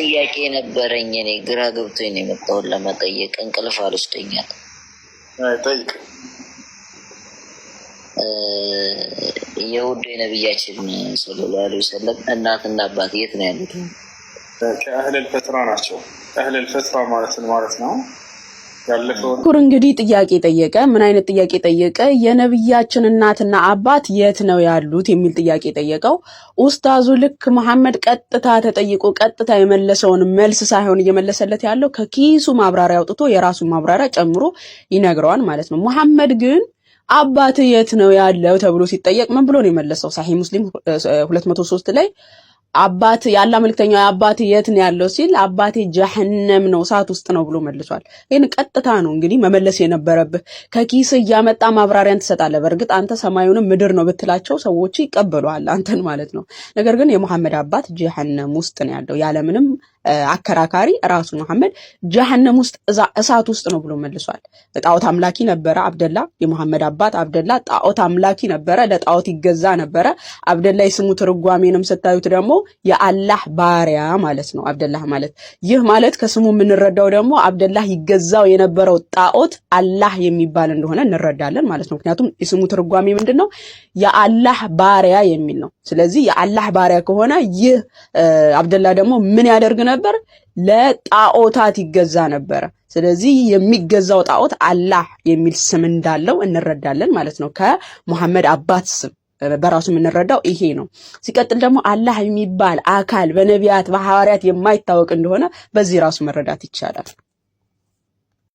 ጥያቄ ነበረኝ። እኔ ግራ ገብቶኝ ነው የመጣሁት ለመጠየቅ። እንቅልፍ አልወስደኛል። ጠይቅ። የውድ የነቢያችን ሰለላሁ ዐለይሂ ወሰለም እናትና አባት የት ነው ያሉት? ከአህለል ፈትራ ናቸው። አህለል ፈትራ ማለትን ማለት ነው ኩር እንግዲህ ጥያቄ ጠየቀ። ምን አይነት ጥያቄ ጠየቀ? የነብያችን እናትና አባት የት ነው ያሉት የሚል ጥያቄ ጠየቀው። ኡስታዙ ልክ መሐመድ ቀጥታ ተጠይቆ ቀጥታ የመለሰውን መልስ ሳይሆን እየመለሰለት ያለው ከኪሱ ማብራሪያ አውጥቶ የራሱን ማብራሪያ ጨምሮ ይነግረዋል ማለት ነው። መሐመድ ግን አባት የት ነው ያለው ተብሎ ሲጠየቅ ምን ብሎ ነው የመለሰው? ሳሂ ሙስሊም 203 ላይ አባት የአላህ መልክተኛ አባት የት ነው ያለው ሲል አባቴ ጀሀነም ነው እሳት ውስጥ ነው ብሎ መልሷል። ይህን ቀጥታ ነው እንግዲህ መመለስ የነበረብህ። ከኪስ እያመጣ ማብራሪያን ትሰጣለህ። በእርግጥ አንተ ሰማዩንም ምድር ነው ብትላቸው ሰዎች ይቀበሉሃል፣ አንተን ማለት ነው። ነገር ግን የመሐመድ አባት ጀሀነም ውስጥ ነው ያለው ያለምንም አከራካሪ ራሱ መሐመድ ጀሃነም ውስጥ እሳት ውስጥ ነው ብሎ መልሷል። ጣዖት አምላኪ ነበረ አብደላ። የመሐመድ አባት አብደላ ጣዖት አምላኪ ነበረ፣ ለጣዖት ይገዛ ነበረ። አብደላ የስሙ ትርጓሜንም ስታዩት ደግሞ የአላህ ባሪያ ማለት ነው አብደላ ማለት። ይህ ማለት ከስሙ የምንረዳው ደግሞ አብደላ ይገዛው የነበረው ጣዖት አላህ የሚባል እንደሆነ እንረዳለን ማለት ነው። ምክንያቱም የስሙ ትርጓሜ ምንድን ነው? የአላህ ባሪያ የሚል ነው። ስለዚህ የአላህ ባሪያ ከሆነ ይህ አብደላ ደግሞ ምን ያደርግ ነበር? ነበር? ለጣዖታት ይገዛ ነበረ። ስለዚህ የሚገዛው ጣዖት አላህ የሚል ስም እንዳለው እንረዳለን ማለት ነው። ከሙሐመድ አባት ስም በራሱ የምንረዳው ይሄ ነው። ሲቀጥል ደግሞ አላህ የሚባል አካል በነቢያት በሐዋርያት የማይታወቅ እንደሆነ በዚህ ራሱ መረዳት ይቻላል።